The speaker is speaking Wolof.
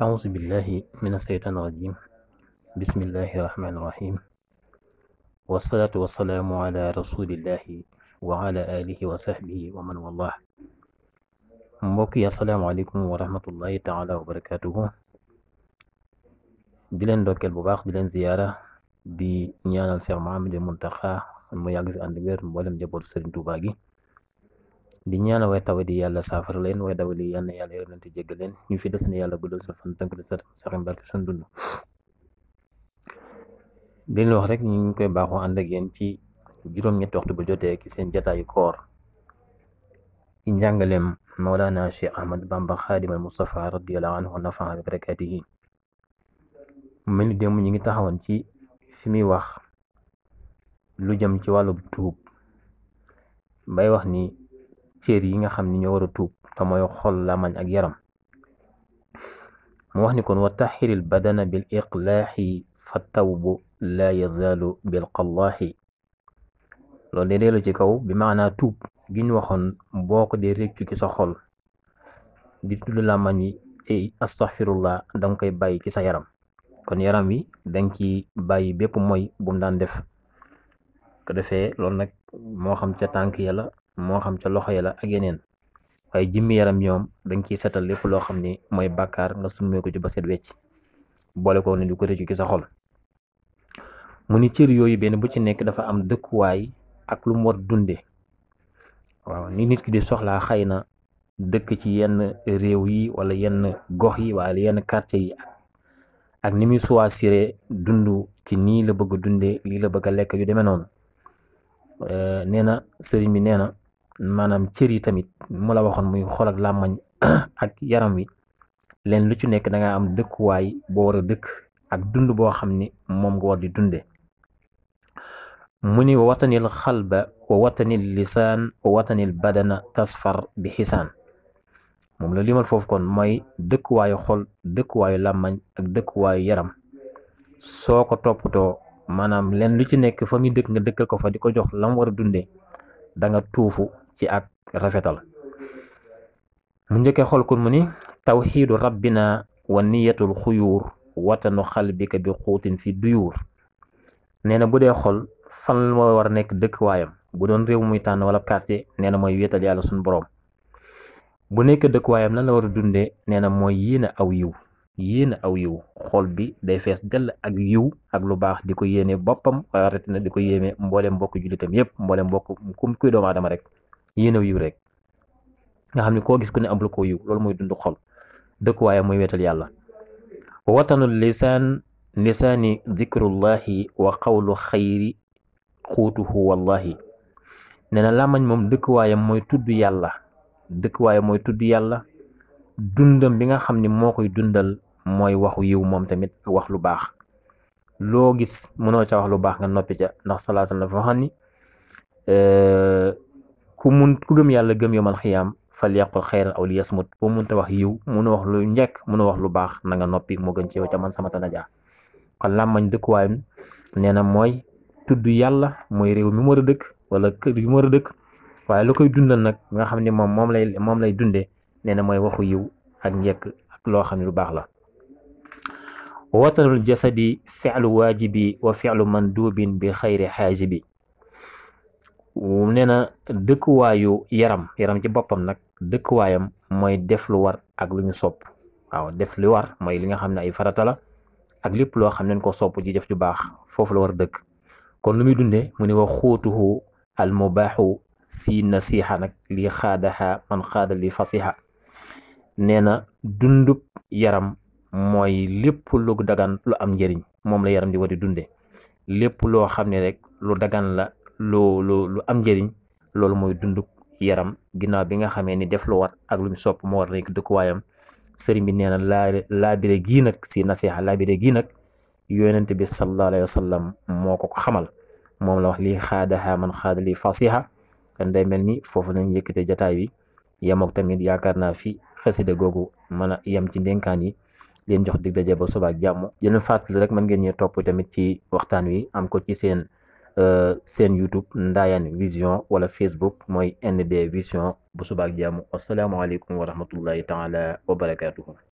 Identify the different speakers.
Speaker 1: أعوذ بالله من الشيطان الرجيم بسم الله الرحمن الرحيم والصلاة والسلام على رسول الله وعلى آله وصحبه ومن والله mbokk yi asalaamaaleykum wa rahmatullahi taala wa barakatuhu di leen dokkeel bu baax di leen ziyaara di ñaanal Cheikh Mouhamadou Mountakha mu yàgg fi ànd wér mboolem njabootu Serigne Touba gi di ñaanal way tawadi yàlla saafara leen way dawali yàlla na yàlla yërëm te jéggal leen ñu fi des na yàlla guddal sa fan tënk sa saxi mbarke sun dund rek ñu koy baaxoo ànd geen ci juróom-ñetti waxtu bu jotee ci seen jataayu koor ci njàngaleem Mawlana Cheikh Ahmad Bamba Xaadimal Mustafa radiyallahu anhu wa nafa'a bi barakaatihi mel ni démb ñu ngi taxawoon ci fi muy wax lu jëm ci wàllu tuub bay wax ni cër yi nga xam ni ñoo war a tuub te mooy xol lamañ ak yaram mu wax ni kon wa taxiril badana bil iqlaaxi fa tawbu laa yazaalu bil qallaaxi loolu de dellu ci kaw bi maanaa tuub gi ñu waxoon boo ko dee rekk ci sa xol di tudd lamañ yi te astaxfirullah danga koy bàyyi ci sa yaram kon yaram wi danga ci bàyyi bépp mooy bu mu daan def ko defee loolu nag moo xam ca tànk ya moo xam ca loxo ya la ak yeneen waaye jëmmi yaram ñoom dañ ciy setal lépp loo xam ni mooy bàkkaar nga summee ko ci ba set wecc boole ko ne du ko rëccu ci sa xol mu ni cër yooyu benn bu ci nekk dafa am dëkkuwaay ak lu mu war dunde waaw ni nit ki di soxlaa xëy na dëkk ci yenn réew yi wala yenn gox yi waa yenn quartier yi ak ni muy choisir dund ci nii la bëgg a dunde lii la bëgg a lekk yu demee noonu eh, nee na sëriñ bi nee na maanaam cër yi tamit mu la waxoon muy xol ak làmmañ ak yaram wi leen lu ci nekk da am dëkkuwaay boo war a dëkk ak dund boo xam ni moom nga war di dunde mu ni wa watanil xalba wa watanil lisaan wa watanil badana tasfar bi xisaan moom la limal foofu kon mooy dëkkuwaayu xol dëkkuwaayu làmmañ ak dëkkuwaayu yaram soo ko toppatoo maanaam leen lu ci nekk fa muy dëkk nga dëkkal ko fa di ko jox lam war a dunde tuufu ci ak rafetal mu njëkkee xool kon mu ni tawxiidu rabbina wa niyatul xuyuur watanu xalbika bi xuutin fi duyuur nee na bu dee xol fan moo war a nekk dëkkwaayam bu doon réew muy tànn wala quartier nee na mooy wéetal yàlla suñu boroom bu nekk dëkkwaayam lan la war a dundee nee na mooy yéene aw yiw yéene aw yiw xol bi day fees dell ak yiw ak lu baax di ko yéene boppam waaye na di ko yéeme mboolem mbokk jullitam yépp mboole mbokk kum kuy doomu aadama rek yéenew yiw rek nga xam ne koo gis ku ne am lu ko yiw loolu mooy dund xol dëkkuwaayam mooy wetal yàlla watanu lisaan lisaani dikrullahi wa qawlu xayri xuutuhu wallahi na làmmañ moom dëkkuwaayam mooy tudd yàlla dëkkuwaayam mooy tudd yàlla dundam bi nga xam ni moo koy dundal mooy wax yiw moom tamit wax lu baax loo gis mënoo ca wax lu baax nga noppi ca ndax salaa sallam xam ni euh, ku mun ku gëm yàlla gëm yomal xiyaam fal yàqul xayran aw li yasmut boo munta wax yiw mun a wax lu njekk mun a wax lu baax nanga nga noppi moo gën ci yow ca man sama tanaja kon làmmañ dëkkuwaayam nee na mooy tudd yàlla mooy réew mi mu war a dëkk wala kër gi mu a dëkk waaye lu koy dundal nag nga xam ne moom moom lay moom lay dundee nee na mooy waxu yiw ak njekk ak loo xam ne lu baax la watanul jasadi fi'lu waajibi wa man mandubin bi xayri bi nee na dëkkuwaayu yaram yaram ci boppam nag dëkkuwaayam mooy def lu war ak lu ñu sopp waaw def li war mooy li nga xam ne ay farata la ak lépp loo xam ne ko sopp ci jëf ju baax foofu la war dëkk kon lu muy dundee mu ne wa xuutuhu al mubaaxu si nasiixa nag li xaadaxa man xaada li fasiha nee na dundub yaram mooy lépp lu dagan lu am njëriñ moom la yaram di war di dunde lépp loo xam ne rek lu dagan la lu lu lu am njëriñ loolu mooy dunduk yaram ginnaaw bi nga xamee ni def lu war ak lu mu sopp moo war nekk dëkkuwaayam sëriñ bi nee na laa laabire gii nag si nasiha laabire gii nag yonent bi sallallahu alayhi wa sallam moo ko ko xamal moom la wax li xaadaha man xaada li fasiha kan day mel ni foofu lañ yëkkate jataay bi yemook tamit yaakaar naa fi xasida googu mën a yem ci ndénkaan yi leen jox dig daje ba subaak jàmm yeneen fàttali rek mën ngeen ñee topp tamit ci waxtaan wi am ko ci seen Euh, seen YouTube Ndayane Vision wala Facebook mooy ND Vision bu subaak jàmm asalaamaaleykum wa rahmatullahi taala wa